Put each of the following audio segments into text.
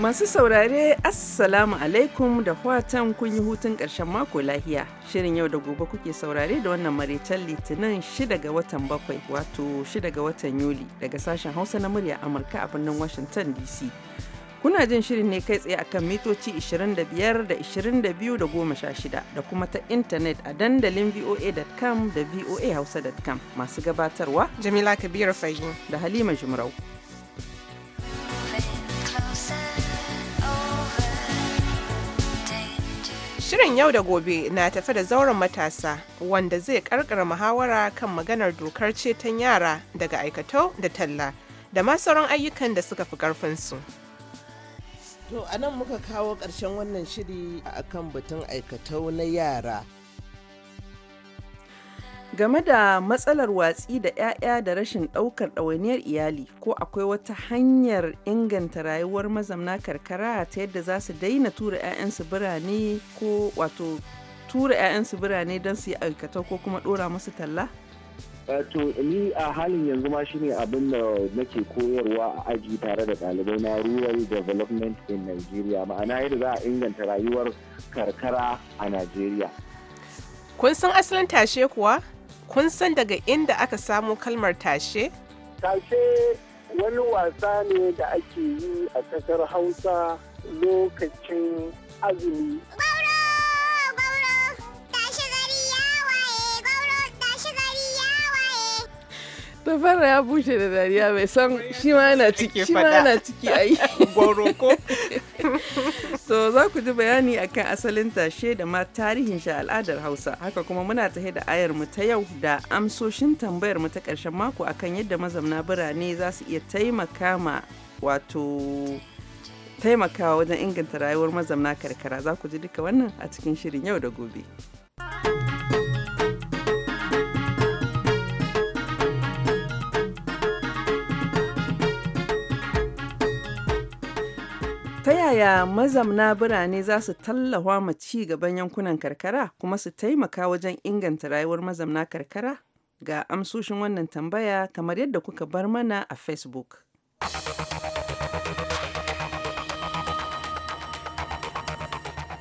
Masu saurare Assalamu alaikum da fatan kun yi hutun ƙarshen mako lahiya. Shirin yau da gobe kuke saurare da wannan maritan litinin 6 ga watan bakwai wato 6 ga watan Yuli daga sashen Hausa na murya Amurka a birnin Washington DC. Kuna jin shirin ne kai tsaye akan mitoci 25 da 22 da 16 da kuma ta intanet a dandalin voa.com da voahausa.com masu gabatarwa Jamila Kabiru Fahim da Halima Jumrau. Shirin yau da gobe na tafi da zauren matasa wanda zai karkara muhawara kan maganar dokar ceton yara daga aikato da talla da ma sauran ayyukan da suka fi karfinsu. To, a nan muka kawo ƙarshen wannan shiri a kan batun aikato na yara. game da matsalar watsi da 'ya'ya da rashin ɗaukar ɗawainiyar iyali ko akwai wata hanyar inganta rayuwar mazamna karkara ta yadda za su daina tura 'ya'yansu birane ko wato tura 'ya'yansu birane don su yi aikata ko kuma ɗora musu talla? Eh, to ni a halin yanzu ma shine abin da nake koyarwa a aji tare da ɗalibai na rural development in nigeria ma'ana yadda za a inganta rayuwar karkara a nigeria kun san asalin tashe kuwa kun san daga inda aka samo kalmar tashe? Tashe wani wasa ne da ake yi a ƙasar Hausa lokacin azumi. ta fara ya bushe da dariya mai san shi ma yana ciki a yi yana To za ku ji bayani akan asalin tashe da ma tarihin shi al'adar Hausa. Haka kuma muna tahe da ayar mu ta yau da amsoshin tambayar mu ta ƙarshen mako akan yadda mazamna birane za su iya taimaka ma wato taimakawa wajen inganta rayuwar mazamna karkara. Za ku ji duka wannan a cikin shirin yau da gobe. yaya mazamna birane za su tallafa ma ci gaban yankunan karkara kuma su taimaka wajen inganta rayuwar mazamna karkara? Ga amsoshin wannan tambaya kamar yadda kuka bar mana a Facebook.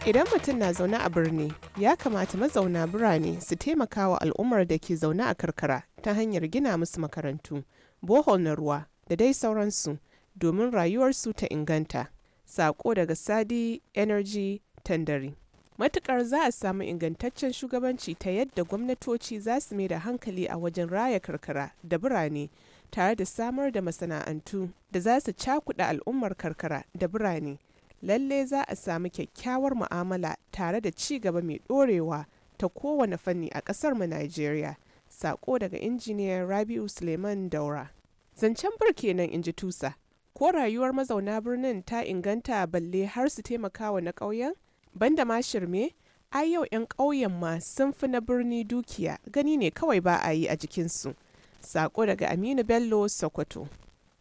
Idan mutum na zaune a birni, ya kamata mazauna birane su taimaka wa al'ummar da ke zaune a karkara ta hanyar gina musu makarantu, bohol na ruwa da dai sauransu domin rayuwarsu ta inganta. Sako daga Sadi Energy Tandari. Matukar za a samu ingantaccen shugabanci ta yadda gwamnatoci za su mai da hankali a wajen raya karkara da birane tare da samar da masana'antu da za su cakuɗa al'ummar karkara da birane. Lalle za a samu kyakkyawar mu'amala tare da ci gaba mai ɗorewa ta kowane fanni a ƙasar mu Najeriya. Sako daga injiniyar Rabi'u Suleiman Daura. Zancen bar kenan in ji tusa. ko rayuwar mazauna birnin ta inganta balle har su taimakawa na ƙauyen banda ma shirme ai yau 'yan ƙauyen ma sun fi na birni dukiya gani ne kawai ba a yi a jikinsu sako daga aminu bello sokoto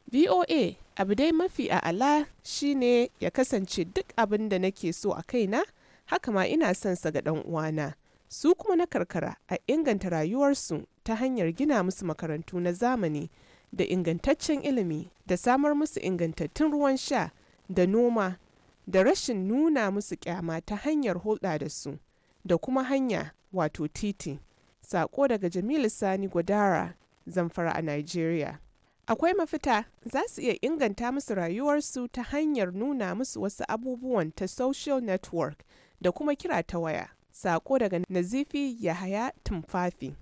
voa abu dai mafi a'ala shine ya kasance duk abin da nake so a kaina haka ma ina son sa ga ɗan uwana su kuma na karkara a inganta rayuwarsu ta hanyar gina musu makarantu na zamani da ingantaccen ilimi da samar musu ingantattun ruwan sha da noma da rashin nuna musu kyama ta hanyar hulɗa da su da kuma hanya wato titi sako daga jamilu sani gwadara zamfara a nigeria akwai mafita za su iya inganta musu rayuwarsu ta hanyar nuna musu wasu abubuwan ta social network da kuma kira ta waya sako daga nazifi yahaya tumfafi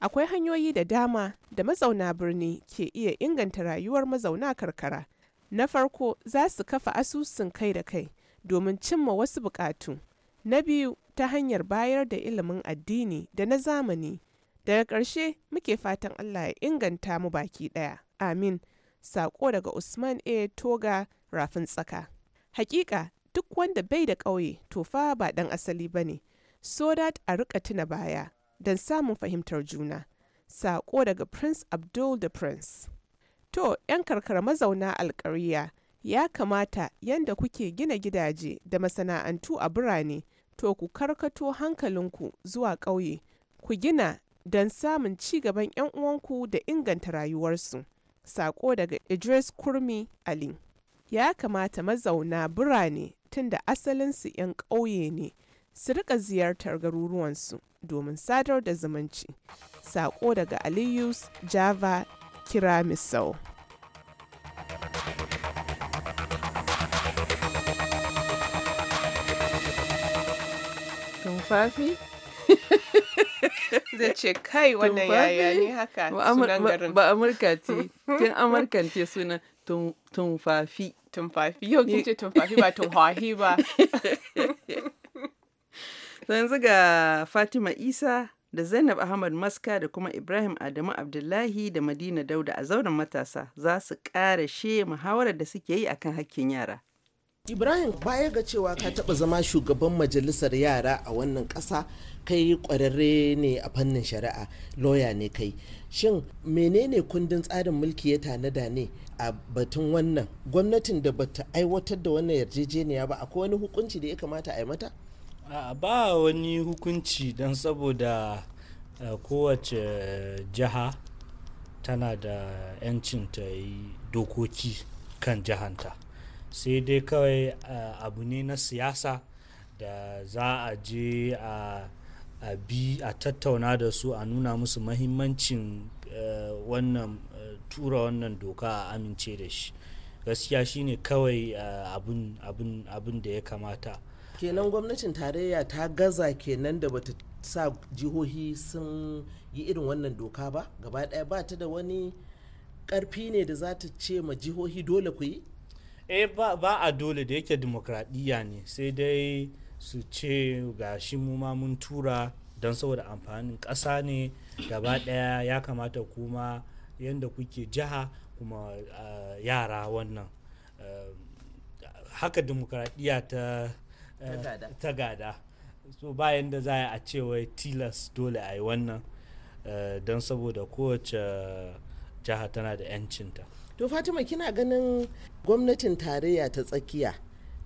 akwai hanyoyi da dama da mazauna birni ke iya inganta rayuwar mazauna karkara na farko za su kafa asusun kai da kai domin cimma wasu bukatu na biyu ta hanyar bayar da ilimin addini da na zamani daga ƙarshe muke fatan allah ya inganta mu baki ɗaya amin sako daga usman a toga rafin tsaka hakika duk wanda bai da ƙauye to fa ba ɗan asali ba ne so dat a rika tuna baya don samun fahimtar juna. Saƙo daga Prince Abdul da Prince. To, 'yan karkara mazauna alkariya ya kamata yadda kuke gina gidaje da masana'antu a birane, to ku karkato hankalinku zuwa ƙauye, ku gina don samun ci gaban 'yan uwanku da inganta rayuwarsu. Sako daga Idris Kurmi Ali. Ya kamata mazauna birane tun da asalinsu 'yan ƙauye ne, su rika ziyartar garuruwansu domin sadar da zumunci. Sako daga Aliyus Java Kira Misau. Tumfafi? zai ce kai wannan yaya ne haka sunan garin ba amurka ce tun amurkan ce suna tumfafi tumfafi yau kin ce tumfafi ba tumhahi ba To yanzu ga Fatima Isa da Zainab Ahmad Maska da kuma Ibrahim Adamu Abdullahi da Madina Dauda a zauren matasa za su ƙara she muhawarar da suke yi akan hakkin yara. Ibrahim baya ga cewa ka taɓa zama shugaban majalisar yara a wannan ƙasa kai ƙwararre ne a fannin shari'a lauya ne kai. Shin menene kundin tsarin mulki ya tanada ne a batun wannan gwamnatin da bata aiwatar da wannan yarjejeniya ba akwai wani hukunci da ya kamata a yi mata? A'a ba wani hukunci don saboda eh, kowace jiha tana da 'yancin ta yi dokoki kan ta Sai dai kawai eh, abu ne na siyasa da za a je a, a bi a tattauna da su a nuna musu mahimmancin eh, wannan tura wannan doka a amince da shi. Gaskiya shine kawai abin da ya kamata. kenan gwamnatin tarayya ta gaza kenan da bata sa jihohi sun yi irin wannan doka ba gaba daya ba ta da wani karfi ne da za ta ce ma jihohi dole ku yi eh ba a dole da yake demokradiyya ne sai dai su ce shi mu ma mun tura don saboda amfanin ƙasa ne gaba ɗaya ya kamata kuma yadda kuke jiha kuma ah, yara wannan eh, haka demokradiyya ta Eh, ta gada so bayan da za a ce wai tilas dole a yi wannan eh, don saboda kowace jiha tana da 'yancinta to fatima kina ganin gwamnatin tarayya ta tsakiya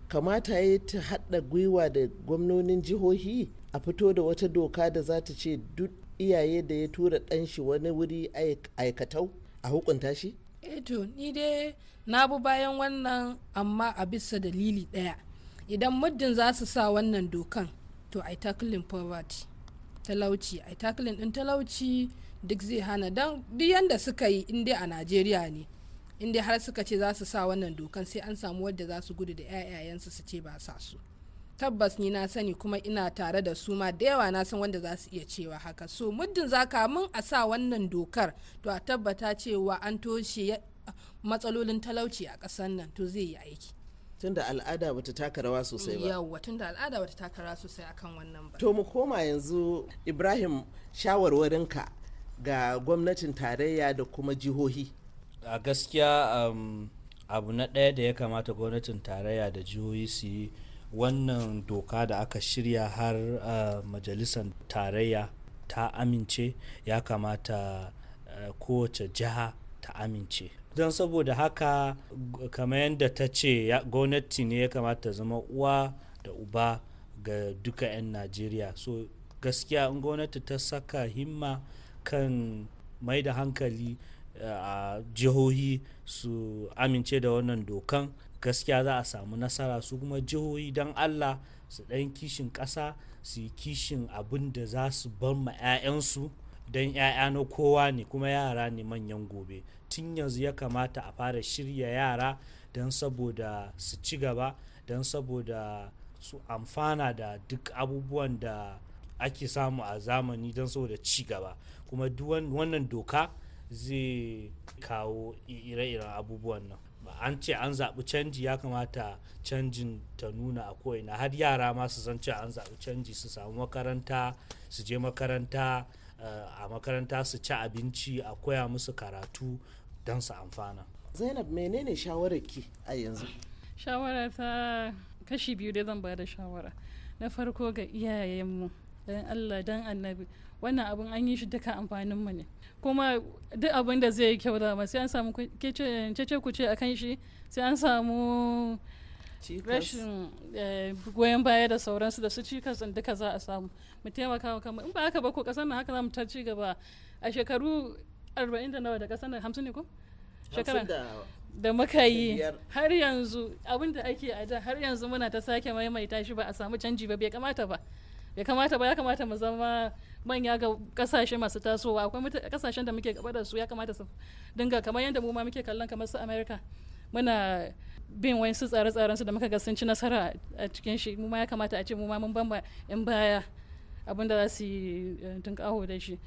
kamata ya ta haɗa gwiwa da gwamnonin jihohi a fito da wata doka da za ta ce duk iyaye da ya tura ɗan shi wani wuri aikatau a hukunta shi? eto eh ni dai na bu bayan wannan amma a bisa dalili ɗaya idan muddin za su sa wannan dokan to ai tackling poverty talauci ai tackling din talauci duk zai hana don duk yanda suka yi inda a najeriya ne inda har suka ce za su sa wannan dokan sai an samu wadda za su gudu da 'ya'yayensu su ce ba sa su tabbas ni na sani kuma ina tare da su ma da yawa na san wanda za su iya cewa haka so muddin za ka mun a sa wannan dokar to a tabbata cewa an toshe matsalolin talauci a ƙasar nan to zai yi aiki tunda al'ada bata taka rawa sosai ba yawwa tunda al'ada bata taka rawa sosai akan wannan ba to mu koma yanzu ibrahim shawarwarinka ga gwamnatin tarayya da kuma jihohi a gaskiya um, abu na ɗaya da ya kamata gwamnatin tarayya da jihohi su yi wannan doka da aka shirya har uh, majalisar tarayya ta amince ya kamata uh, kowace jiha ta amince don saboda haka kamar yadda ta ce gwamnati ne ya kamata zama uwa da uba ga duka 'yan najeriya so gaskiya in gwamnati ta saka himma kan mai da hankali a jihohi su amince da wannan dokan gaskiya za a samu nasara su kuma jihohi don allah su ɗan kishin ƙasa su yi kishin abin da za su bar ma 'ya'yansu don na kowa ne kuma yara ne manyan gobe tun yanzu ya kamata a fara shirya yara don saboda su ci gaba don saboda su amfana da duk abubuwan da ake samu a zamani don saboda ci gaba kuma duk wannan doka zai kawo ire-iren abubuwan nan an ce an zaɓi canji ya kamata canjin ta nuna a ko'ina har yara ma su san cewa an zaɓi canji su samu makaranta su je makaranta Eh, a makaranta su ci abinci a koya musu karatu don su amfana zainab menene ki a yanzu shawara ta kashi biyu dai zan bada shawara na farko ga iyayenmu don allah don annabi wannan abin an yi shi duka amfanin mu ne kuma duk abin da zai yi kyau da sai an samu cece kuce akan shi sai an samu rashin eh, goyon baya da sauransu da su cikas duka za a samu mu taimaka wa kanmu in ba haka ba ko kasar nan haka za mu ta ci gaba a shekaru 40 da nawa da kasar nan 50 ne ko shekara da muka yi har yanzu abin da ake a da har yanzu muna ta sake maimaita shi ba a samu canji ba bai kamata ba ya kamata ba ya kamata mu zama manya ga kasashe masu tasowa akwai kasashen da muke gaba da su ya kamata su dinga kamar yadda mu ma muke kallon kamar su america muna bin wasu tsare-tsaren su da muka ga sun ci nasara a cikin shi mu ma ya kamata a ce mu ma mun bamba in baya abin da za su yi eh, tunƙaho da shi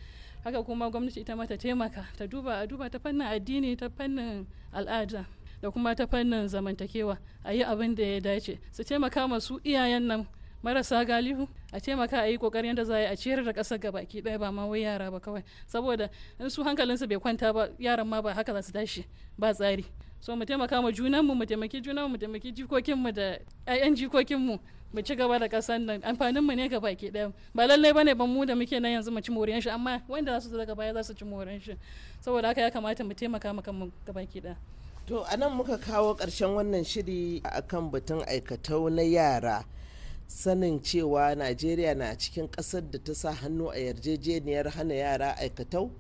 haka kuma gwamnati ita mata taimaka ta duba a duba ta fannin addini ta fannin al'ada da kuma ta fannin zamantakewa a yi abin da ya dace su taimaka masu iyayen nan marasa galihu a taimaka a yi kokarin da za a yi a ciyar da ƙasar gaba ki ɗaya ba ma wai yara ba kawai saboda in su hankalinsu bai kwanta ba yaran ma ba haka za su tashi ba tsari so mu taimaka ma junanmu mu taimaki junanmu mu taimaki jikokinmu da 'ya'yan jikokinmu mu ci gaba da kasan nan amfanin mu ne ga baki ɗaya ba lallai bane ban mu da muke nan yanzu mu ci moriyan shi amma wanda za su zo daga baya za su ci moriyan shi saboda haka ya kamata mu taimaka maka mu ga baki ɗaya to nan muka kawo ƙarshen wannan shiri a kan batun aikatau na yara sanin cewa najeriya na cikin ƙasar da ta sa hannu a yarjejeniyar hana yara aikatau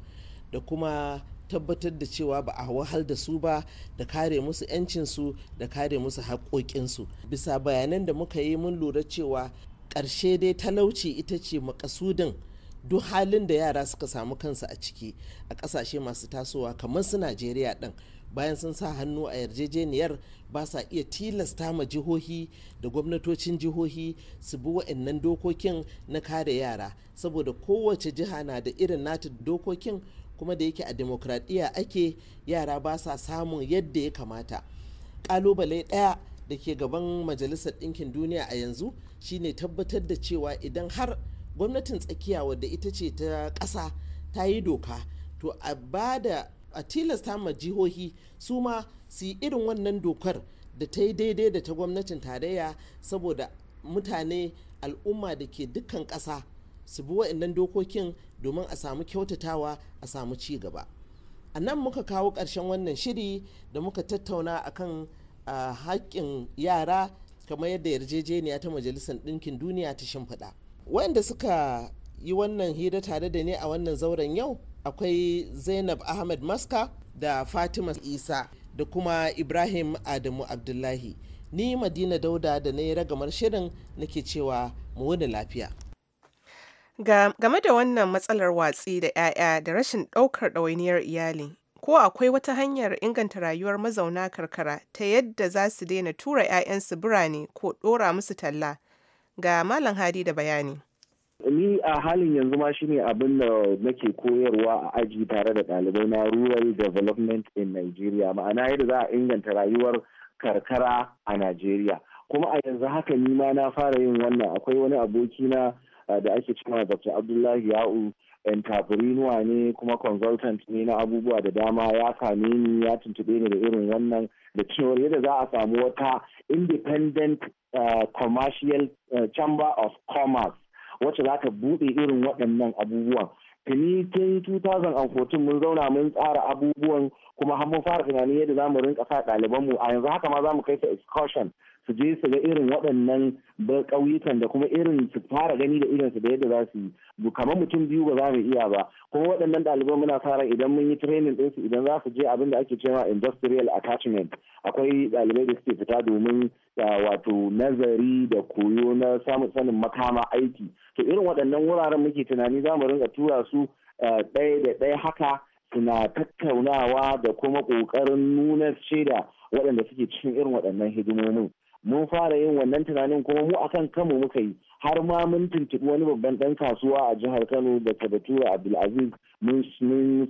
da kuma tabbatar da cewa ba a wahal da su ba da kare musu 'yancinsu da kare musu haƙoƙinsu bisa bayanan da muka yi mun lura cewa ƙarshe dai talauci ita ce makasudin duk halin da yara suka samu kansu a ciki a ƙasashe masu tasowa kamar su najeriya ɗin bayan sun sa hannu a yarjejeniyar ba sa iya tilasta ma jihohi da gwamnatocin jihohi su bi wa'annan dokokin na kare yara saboda kowace jiha na da irin nata dokokin kuma da yake a demokradiyya ake yara ba sa samun yadda ya kamata kalubale daya da ke gaban majalisar ɗinkin duniya a yanzu shine tabbatar da cewa idan har gwamnatin tsakiya wadda ita ce ta ƙasa ta yi doka to a ba da a tilasta ma jihohi su ma su yi irin wannan dokar da ta yi daidai da ta gwamnatin tarayya saboda mutane al'umma da ke dukkan ƙasa su bi waɗannan dokokin domin a samu kyautatawa a samu ci gaba a nan muka kawo ƙarshen wannan shiri da muka tattauna akan haƙƙin yara kamar yadda yarjejeniya ta majalisar ɗinkin duniya ta shimfiɗa wanda suka yi wannan hira tare da ne a wannan zauren yau akwai zainab ahmed maska da fatima isa da kuma ibrahim adamu abdullahi ni madina dauda da na yi ragamar shirin nake cewa mu wuni lafiya Game da wannan matsalar watsi da 'ya'ya da rashin ɗaukar ɗawainiyar iyali, ko akwai wata hanyar inganta rayuwar mazauna karkara ta yadda za su daina tura 'ya'yansu birane ko ɗora musu talla? Ga Malam Hadi da bayani. ni a halin yanzu ma shine abin da nake koyarwa a aji tare da ɗalibai na rural development in nigeria ma'ana yadda za a inganta rayuwar karkara a nigeria kuma a yanzu haka ni ma na fara yin wannan akwai wani aboki na da ake cewa Dr. Abdullahi Ya'u entrepreneur ne kuma consultant ne na abubuwa da dama ya same ni ya tuntube ni da irin wannan da cewar yadda za a samu wata independent commercial chamber of commerce wacce za ta buɗe irin waɗannan abubuwan tuni tun 2014 mun zauna mun tsara abubuwan kuma mun fara tunanin yadda za mu rinka sa ɗalibanmu a yanzu haka ma za mu kai ta excursion su je su ga irin waɗannan ƙauyukan da kuma irin su fara gani da irinsu da yadda za su yi kamar mutum biyu ba za mu iya ba kuma waɗannan ɗaliban muna fara idan mun yi training ɗinsu idan za su je abin da ake cewa industrial attachment akwai ɗalibai da suke fita domin wato nazari da koyo na samun sanin makama aiki to irin waɗannan wuraren muke tunani za mu rinka tura su eh, ɗaya da ɗaya haka suna tattaunawa da kuma ƙoƙarin nuna shaida waɗanda suke cikin irin waɗannan hidimomin mun fara yin wannan tunanin kuma mu akan kanmu muka yi har ma mun tuntuɓi wani babban ɗan kasuwa a jihar kano da tabatura abdulaziz mun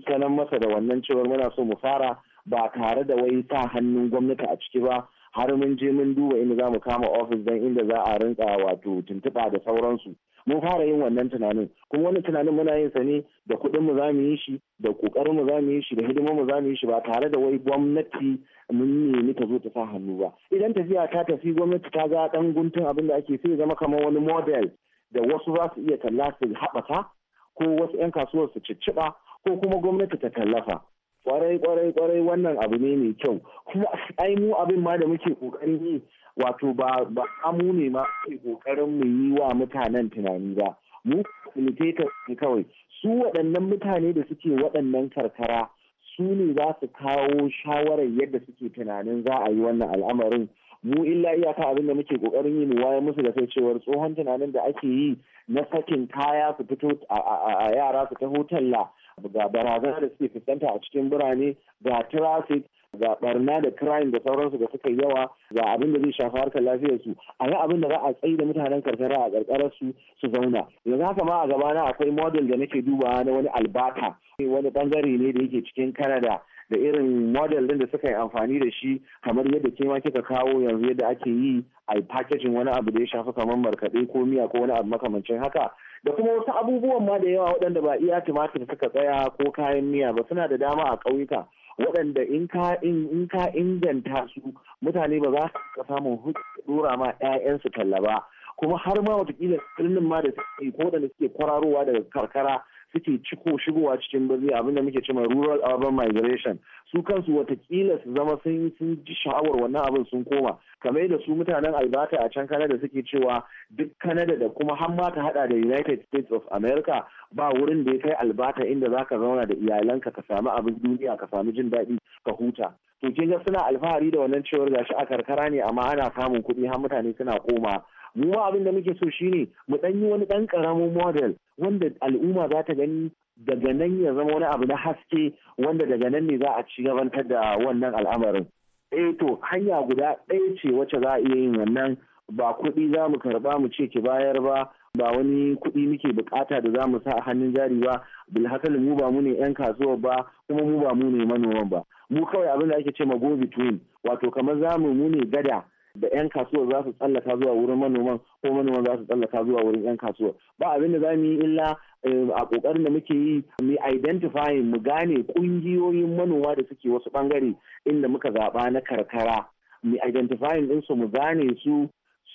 sanar masa da wannan cewar muna so mu fara ba tare da wai sa hannun gwamnati a ciki ba har mun je mun duba inda za mu kama ofis don inda za a rinka wato tuntuɓa da sauransu mun fara yin wannan tunanin kuma wani tunanin muna yin sa ne da kuɗinmu za mu yi shi da ƙoƙarinmu za mu yi shi da hidimar za mu yi shi ba tare da wai gwamnati mun nemi ta zo ta sa hannu ba idan tafiya ta tafi gwamnati ta ga dan guntun abin da ake sai zama kamar wani model da wasu za su iya talla su haɓata ko wasu 'yan kasuwar su cicciɓa ko kuma gwamnati ta tallafa kwarai kwarai kwarai wannan abu ne mai kyau kuma ai mu abin ma da muke kokarin yi wato ba ba amu ne ma ke kokarin mu yi wa mutanen tunani ba mu ku ne kawai su waɗannan mutane da suke waɗannan karkara su ne za su kawo shawarar yadda suke tunanin za a yi wannan al'amarin mu illa iyaka abin da muke kokarin yi mu wayar musu da kai cewar tsohon tunanin da ake yi na sakin kaya su fito a yara su ta hotalla ga barazana da suke fuskanta a cikin birane ga traffic ga barna da crime da sauransu da suka yi yawa ga abin da zai shafi harkar lafiyar su a yi abin da za a tsaye da mutanen karkara a karkarar su su zauna yanzu haka ma a gabana akwai model da nake duba na wani albata wani bangare ne da yake cikin kanada, da irin model din da suka yi amfani da shi kamar yadda ke kika kawo yanzu yadda ake yi a packaging wani abu da ya shafi kamar markaɗe ko miya ko wani abu makamancin haka da kuma wasu abubuwan ma da yawa waɗanda ba iya tumatir suka tsaya ko kayan miya ba suna da dama a ƙauyuka waɗanda in ka inganta su mutane ba za su ka samun dora ma 'ya'yansu talla ba kuma har ma watakila birnin ma da suke ko waɗanda suke kwararowa daga karkara suke ciko shigowa cikin birni abin da muke cewa rural urban migration su kansu watakila su zama sun sun ji sha'awar wannan abin sun koma kamar da su mutanen albata a can kanada suke cewa duk kanada da kuma har ma ta hada da united states of america ba wurin da ya kai albata inda zaka zauna da iyalanka ka samu abin duniya ka samu jin daɗi ka huta to kin suna alfahari da wannan cewar gashi a karkara ne amma ana samun kuɗi har mutane suna koma mu ma abin da muke so shine mu ɗan yi wani ɗan ƙaramin model wanda al'umma za ta gani daga nan ya zama wani abu na haske wanda daga nan ne za a ci gabantar da wannan al'amarin eh to hanya guda ɗaya ce wacce za a iya yin wannan ba kuɗi za mu karɓa mu ce ki bayar ba ba wani kuɗi muke bukata da za mu sa a hannun jari ba bilhassan mu ba mu ne yan kasuwa ba kuma mu ba mu ne manoman ba mu kawai abin da ake ce ma go between wato kamar zamu mu ne gada da 'yan kasuwar za su tsallaka zuwa wurin manoman ko manoman za su tsallaka zuwa wurin 'yan kasuwar ba abin da za mu yi illa eh, a kokarin da muke yi mu identify mu gane kungiyoyin manoma da suke wasu bangare inda muka zaba na karkara mu identify din su mu gane su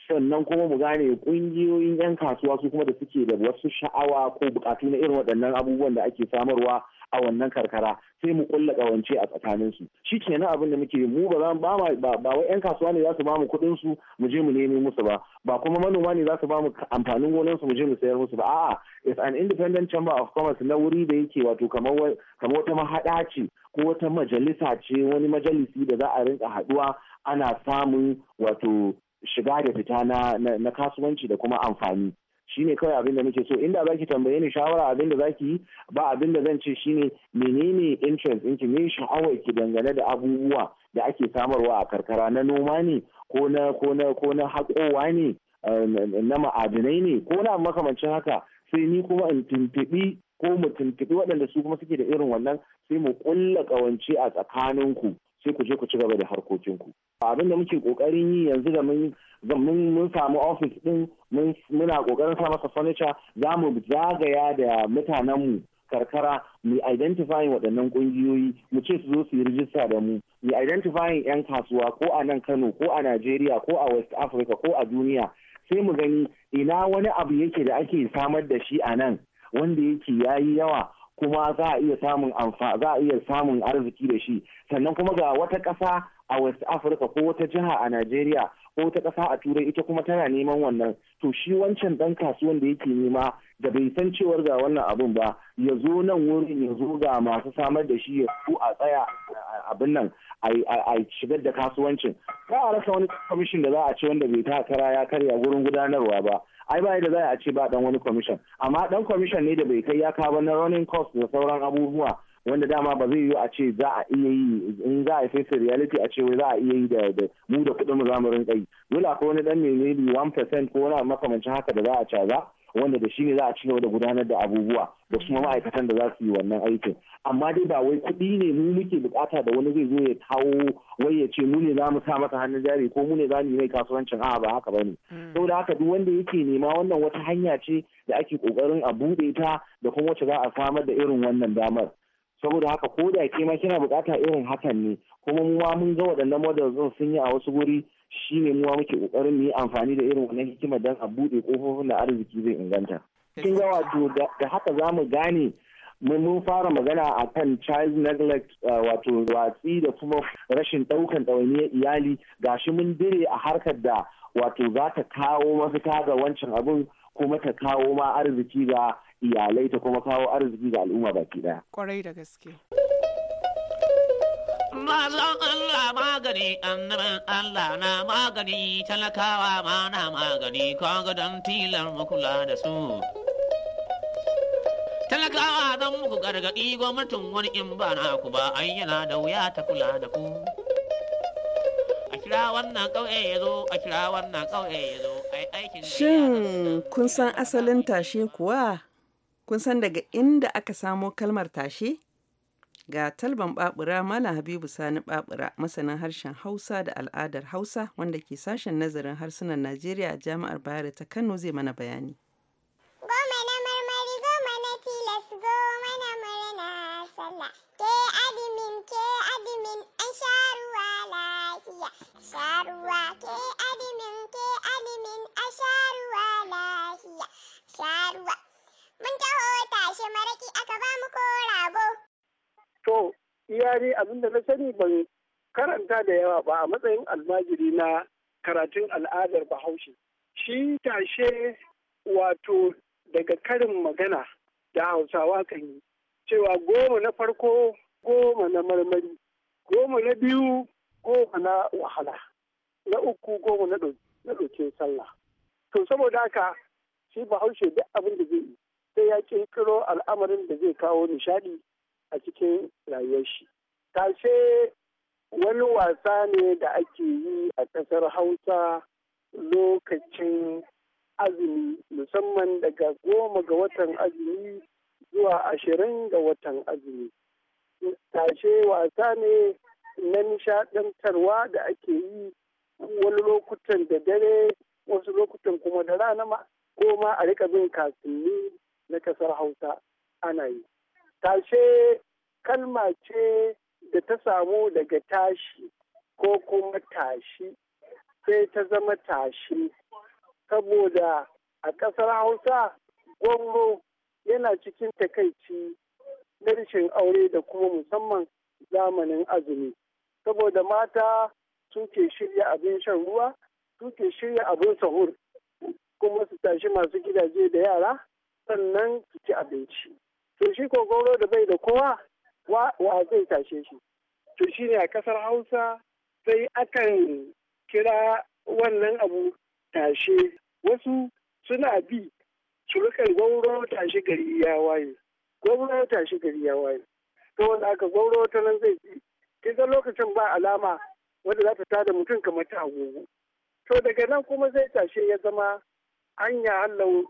sannan kuma mu gane kungiyoyin 'yan kasuwa su kuma da suke da wasu sha'awa ko bukatu na irin waɗannan abubuwan da ake samarwa a wannan karkara sai mu kulla kawance a tsakanin su shi kenan abin da muke mu ba ba wai yan kasuwa ne za su ba mu kuɗin su mu je mu nemi musu ba ba kuma manoma ne za su ba mu amfanin gonan su mu je mu sayar musu ba a'a it's an independent chamber of commerce na wuri da yake wato kamar wata mahaɗaci ce ko wata majalisa ce wani majalisi da za a rinka haɗuwa ana samun wato shiga da fita na, kasuwanci da kuma amfani shine kawai abin da nake so inda ki tambaye ni shawara abin da zaki yi ba abin da zan ce shine menene interest ɗinki me sha'awar ki dangane da abubuwa da ake samarwa a karkara na noma ne ko na ko na ko na haƙowa ne eh, na ma'adinai ne ko na makamancin haka sai ni kuma in tuntubi ko mu tuntuɓi waɗanda su kuma suke da irin wannan sai mu ƙulla ƙawance a tsakaninku sai ku je ku ci gaba da harkokinku abin da muke kokarin yi yanzu da mun mun samu ofis din muna kokarin sa masa furniture za mu zagaya da mutanen mu karkara mu identify waɗannan ƙungiyoyi mu ce su zo su yi rijista da mu mu identify 'yan kasuwa ko a nan kano ko a najeriya ko a west africa ko a duniya sai mu gani ina wani abu yake da ake samar da shi a nan wanda yake yayi yawa kuma za a iya samun amfa za a iya samun arziki da shi sannan kuma ga wata ƙasa a West Africa ko wata jiha a nigeria ko wata ƙasa a Turai ita kuma tana neman wannan to shi wancan dan kasuwan da yake nema da bai san cewar ga wannan abun ba ya zo nan wurin ya zo ga masu samar da shi ya su a tsaya abin nan a shigar da kasuwancin ba a rasa wani kwamishin da za a ce wanda bai ta kara ya karya wurin gudanarwa ba ai ba da za a ce ba dan wani commission amma dan commission ne da bai kai ya ba na running cost da sauran abubuwa wanda dama ba zai yiwu a ce za a iya yi in za a face reality a ce wai za a iya yi da mu da kuɗin mu za mu rinka yi dole akwai wani dan ne 1% ko wani makamancin haka da za a caza wanda da shi ne za a ci gaba da gudanar da abubuwa da kuma ma'aikatan da za su yi wannan aikin amma dai ba wai kuɗi ne mu muke bukata da wani zai zo ya kawo wai ya ce mu ne za mu sa masa hannun jari ko mu ne za mu yi mai kasuwancin a'a ba haka bane hmm. saboda haka duk wanda yake nema wannan wata hanya ce da ake kokarin a buɗe ta da kuma wacce za a samar da irin wannan damar saboda haka ko da ke ma kina bukata irin hakan ne kuma mu ma mun ga waɗannan models din sun yi a wasu guri shine mu ma muke kokarin mu yi amfani da irin wannan hikimar dan a bude kofofin da arziki zai inganta kin ga wato da haka zamu gane mun fara magana a kan child neglect eh, wato watsi da kuma rashin ɗaukan ɗawainiyar iyali gashi mun dire a harkar da wato za ta kawo mafita ga wancan abin kuma ta kawo ma arziki ga iyalai ta kuma kawo arziki ga al'umma baki daya kwarai da gaske Mazan Allah magani, annaban Allah na magani, talakawa ma na magani, kaga don tilar makula da su. Talakawa don muku gargaɗi gwamnatin wani in ba na ku ba, ayyana da wuya ta kula da ku. A kira wannan ƙauye ya zo, a kira wannan ƙauye ya zo, ai aikin Shin kun san asalin tashe kuwa? Kun san daga inda aka samo kalmar tashe? Ga talban babura Malam Habibu Sani babura masanin harshen Hausa da al'adar Hausa wanda ke sashen nazarin harsunan Najeriya a Jami'ar Bayero ta Kano zai mana bayani. Goma na marmari goma na tilas goma na murna sallah. Ke adimin ke adimin an sharuwa ruwa lafiya. Sha ke adimin ke adimin an sharuwa ruwa lafiya. Sha ce maraki aka ba mu ko rago. To, iya ne abin da na sani ban karanta da yawa ba a matsayin almajiri na karatun al'adar bahaushe. Shi tashe wato daga karin magana da hausawa kan yi cewa goma na farko goma na marmari goma na biyu goma na wahala na uku goma na ɗauke sallah to saboda haka shi bahaushe duk abin da zai yi sai ya kirkiro al'amarin da zai kawo nishaɗi a cikin rayuwar shi. Tashe wani wasa ne da ake yi a ƙasar Hausa lokacin azumi musamman daga goma ga watan azumi zuwa ashirin ga watan azumi. Tashe wasa ne na nishaɗantarwa da ake yi wani lokutan da dare wasu lokutan kuma da rana ma ko a rika bin kasinni na ƙasar hausa ana yi tashe kalma ce da ta samu daga tashi ko kuma tashi sai ta zama tashi saboda a ƙasar hausa gwamro yana cikin takaici na rashin aure da kuma musamman zamanin azumi saboda mata suke shirya abin shan ruwa suke shirya abin sahur kuma su tashi masu gidaje da yara sannan ki ci abinci to shi ko goro da bai da kowa wa zai tashe shi to shi ne a ƙasar hausa sai akan kira wannan abu tashe wasu suna bi su rika gauro tashi gari ya waye gauro tashi gari ya waye Ta wanda aka gauro ta nan zai ji Kisa lokacin ba alama wanda za ta tada mutum kamar ta agogo to daga nan kuma zai tashe ya zama hanya Allah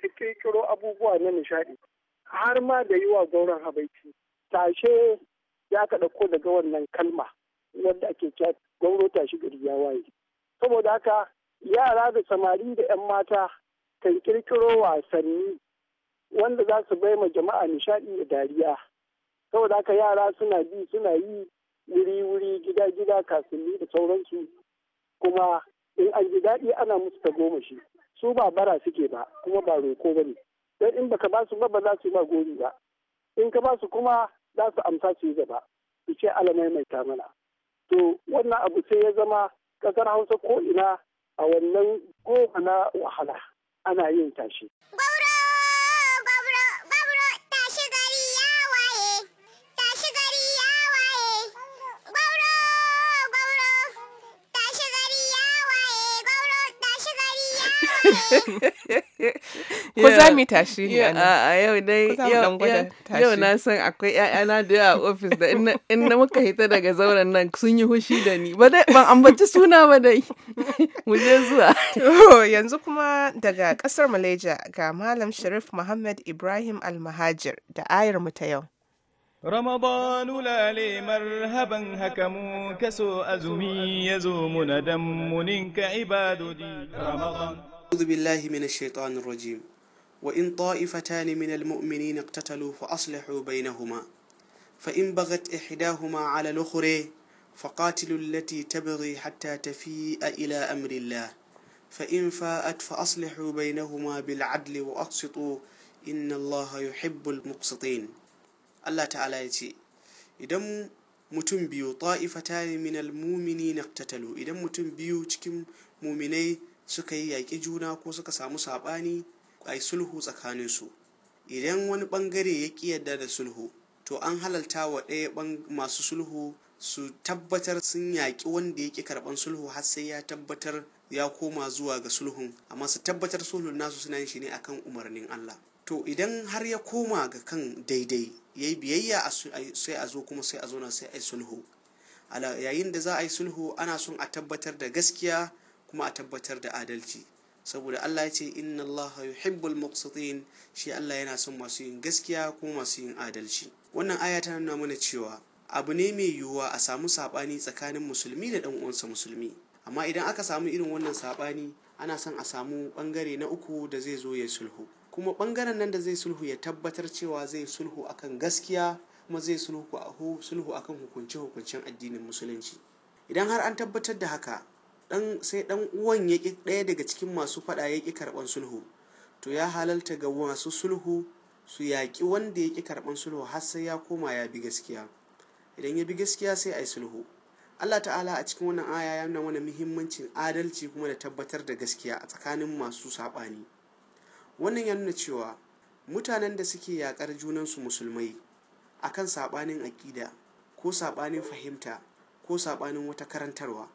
ta kirkiro abubuwa na nishaɗi har ma da yi wa gauran habaici tashe ya ka ɗauko daga wannan kalma wanda ake cewa gauro tashi gari ya waye saboda haka yara da samari da 'yan mata kan kirkiro wasanni wanda za su bai ma jama'a nishaɗi da dariya saboda haka yara suna bi suna yi wuri-wuri gida-gida kasanni da sauransu kuma in an ji daɗi ana musu ta goma shi su ba bara suke ba kuma ba roko ba ne don in baka ba su ba ba za su ba gori ba in ka ba su kuma za su amsa su yi gaba su ce alamai mai mana to wannan abu sai ya zama ƙasar hausa ko ina a wannan goma na wahala ana yin tashi. Ko za mu tashi ne a yau dai yau na san akwai ƴaƴana da yawa a ofis da in na muka hita daga zauren nan sun yi hushi da ni ba dai ban ambaci suna ba dai mu je zuwa. yanzu kuma daga ƙasar Malaysia ga Malam Sharif Muhammad Ibrahim Almahajir da ayar mu ta yau. رمضان لالي مرهبا هكموا كسو أزمي يزومنا دم منك عباد دي رمضان أعوذ بالله من الشيطان الرجيم وإن طائفتان من المؤمنين اقتتلوا فأصلحوا بينهما فإن بغت إحداهما على الأخرى فقاتلوا التي تبغي حتى تفيء إلى أمر الله فإن فاءت فأصلحوا بينهما بالعدل وأقسطوا إن الله يحب المقسطين الله تعالى يتي إذا متم بيو طائفتان من المؤمنين اقتتلوا إذا متم بيو تكم مؤمنين suka yi yaƙi juna ko suka samu saɓani a yi sulhu tsakaninsu idan wani ɓangare ya ƙi yarda da sulhu to an halalta wa ɗaya masu sulhu su tabbatar sun yaƙi wanda ya ƙi karɓan sulhu har sai ya tabbatar ya koma zuwa ga sulhun amma su tabbatar sulhun nasu suna yin shi ne akan umarnin Allah to idan har ya koma ga kan daidai ya yi biyayya sai a zo kuma sai a zo na sai a yi sulhu yayin da za a yi sulhu ana son a tabbatar da gaskiya kuma a tabbatar da adalci saboda Allah ya ce inna Allah yuhibbul muqsitin shi Allah yana son masu yin gaskiya kuma masu yin adalci wannan aya ta nuna mana cewa abu ne mai yiwuwa a samu saɓani tsakanin musulmi da dan uwansa musulmi amma idan aka samu irin wannan saɓani ana son a samu ɓangare na uku da zai zo ya sulhu kuma bangaren nan da zai sulhu ya tabbatar cewa zai sulhu akan gaskiya kuma zai sulhu akan hukunce hukuncen addinin musulunci idan har an tabbatar da haka sai ɗan uwan ya ki ɗaya daga cikin masu faɗa ya ki karɓan sulhu to ya halalta ga masu sulhu su yaƙi wanda ya ki karɓan sulhu har sai ya koma ya bi gaskiya idan ya bi gaskiya sai a yi sulhu Allah ta'ala a cikin wannan aya ya nuna mana muhimmancin adalci kuma da tabbatar da gaskiya a tsakanin masu saɓani wannan ya nuna cewa mutanen da suke yaƙar junansu musulmai akan saɓanin aƙida ko saɓanin fahimta ko saɓanin wata karantarwa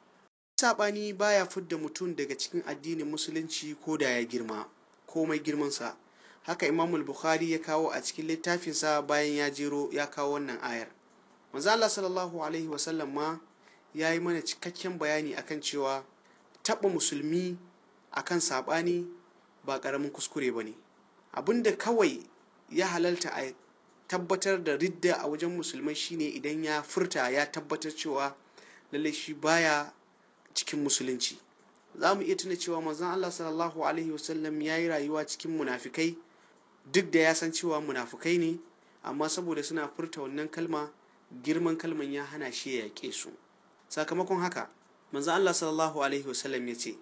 saɓani baya fudda mutum daga cikin addinin musulunci ko da ya girma komai girmansa haka imamul bukhari ya kawo a cikin littafinsa bayan ya jero ya kawo wannan ayar manzo Allah sallallahu alaihi wasallam ma ya yi mana cikakken bayani akan cewa taɓa musulmi akan sabani ba ƙaramin kuskure ba ne abinda kawai ya halalta a tabbatar da ridda a wajen musulmai shine idan ya furta ya tabbatar cewa lallai shi baya cikin musulunci za mu iya tuna cewa manzon Allah sallallahu alaihi wasallam ya yi rayuwa cikin munafikai duk da ya san cewa munafikai ne amma saboda suna furta wannan kalma girman kalman ya hana shi ya yaƙe su sakamakon haka manzon Allah sallallahu alaihi wasallam ya ce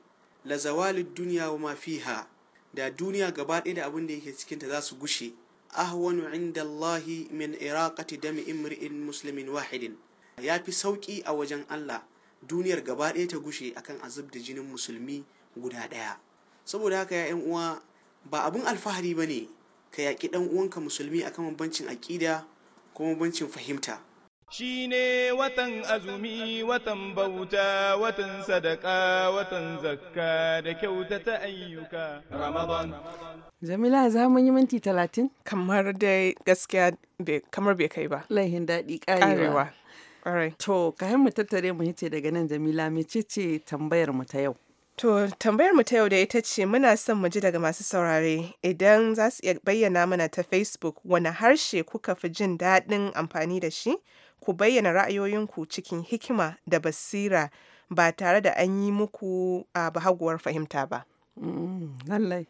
la zawalid dunya wa ma fiha da duniya gaba ɗaya da abin da yake cikin ta za su gushe ahwanu inda Allahi min iraqati dami imri'in muslimin wahidin ya fi sauƙi a wajen Allah duniyar gaba ɗaya ta gushe akan azab da jinin musulmi guda ɗaya saboda haka ya uwa ba abin alfahari ba ne ka yaƙi ɗan uwanka musulmi akan bambancin aƙida ko bambancin fahimta shi ne watan azumi watan bauta watan sadaka watan zakka da kyauta ta ayyuka ramadan jamila za mu yi minti talatin kamar dai gaskiya kamar bai kai ba laihin daɗi ƙarewa To, kayan mu tattare mu hice daga nan Jamila mecece tambayar mu ta yau. To, tambayar mu ta yau da ita ce muna son mu ji daga masu saurare idan za su iya bayyana mana ta Facebook wani harshe kuka fi jin daɗin amfani da shi, ku bayyana ra'ayoyinku cikin hikima da basira ba tare da an yi muku a bahaguwar fahimta ba. Mm, lallai,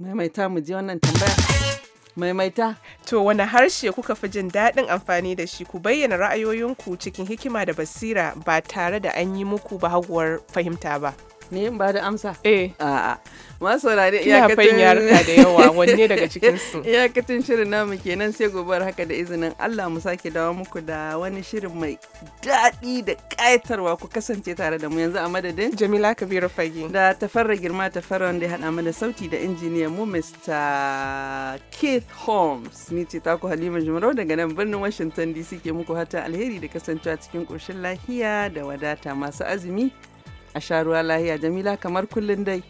maimaita mu ji wannan tambaya. maimaita to wani harshe kuka fi jin daɗin amfani da shi ku bayyana ra'ayoyinku cikin hikima da basira ba tare da an yi muku ba haguwar fahimta ba ne ba da amsa eh a'a masu saurare iyakacin yarda da yawa wanne daga cikin su iyakacin shirin namu kenan sai gobar haka da izinin Allah mu sake dawo muku da wani shirin mai daɗi da ƙayatarwa ku kasance tare da mu yanzu a madadin Jamila Kabiru Fage da tafarra girma tafarra wanda ya haɗa mana sauti da injiniyan mu Mr Keith Holmes ni ce taku Halima Jumarau daga nan birnin Washington DC ke muku hata alheri da kasancewa cikin ƙoshin lafiya da wadata masu azumi a sha ruwa lahiya jamila kamar kullum dai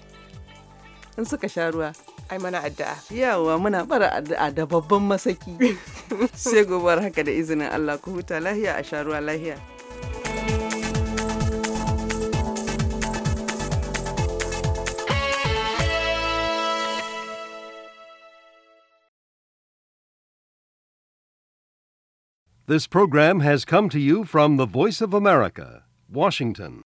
in suka sha ruwa ai mana addu'a yawa muna bara addu'a da babban masaki sai gobar haka da izinin Allah ku huta lahiya a sha ruwa lahiya This program has come to you from the Voice of America, Washington.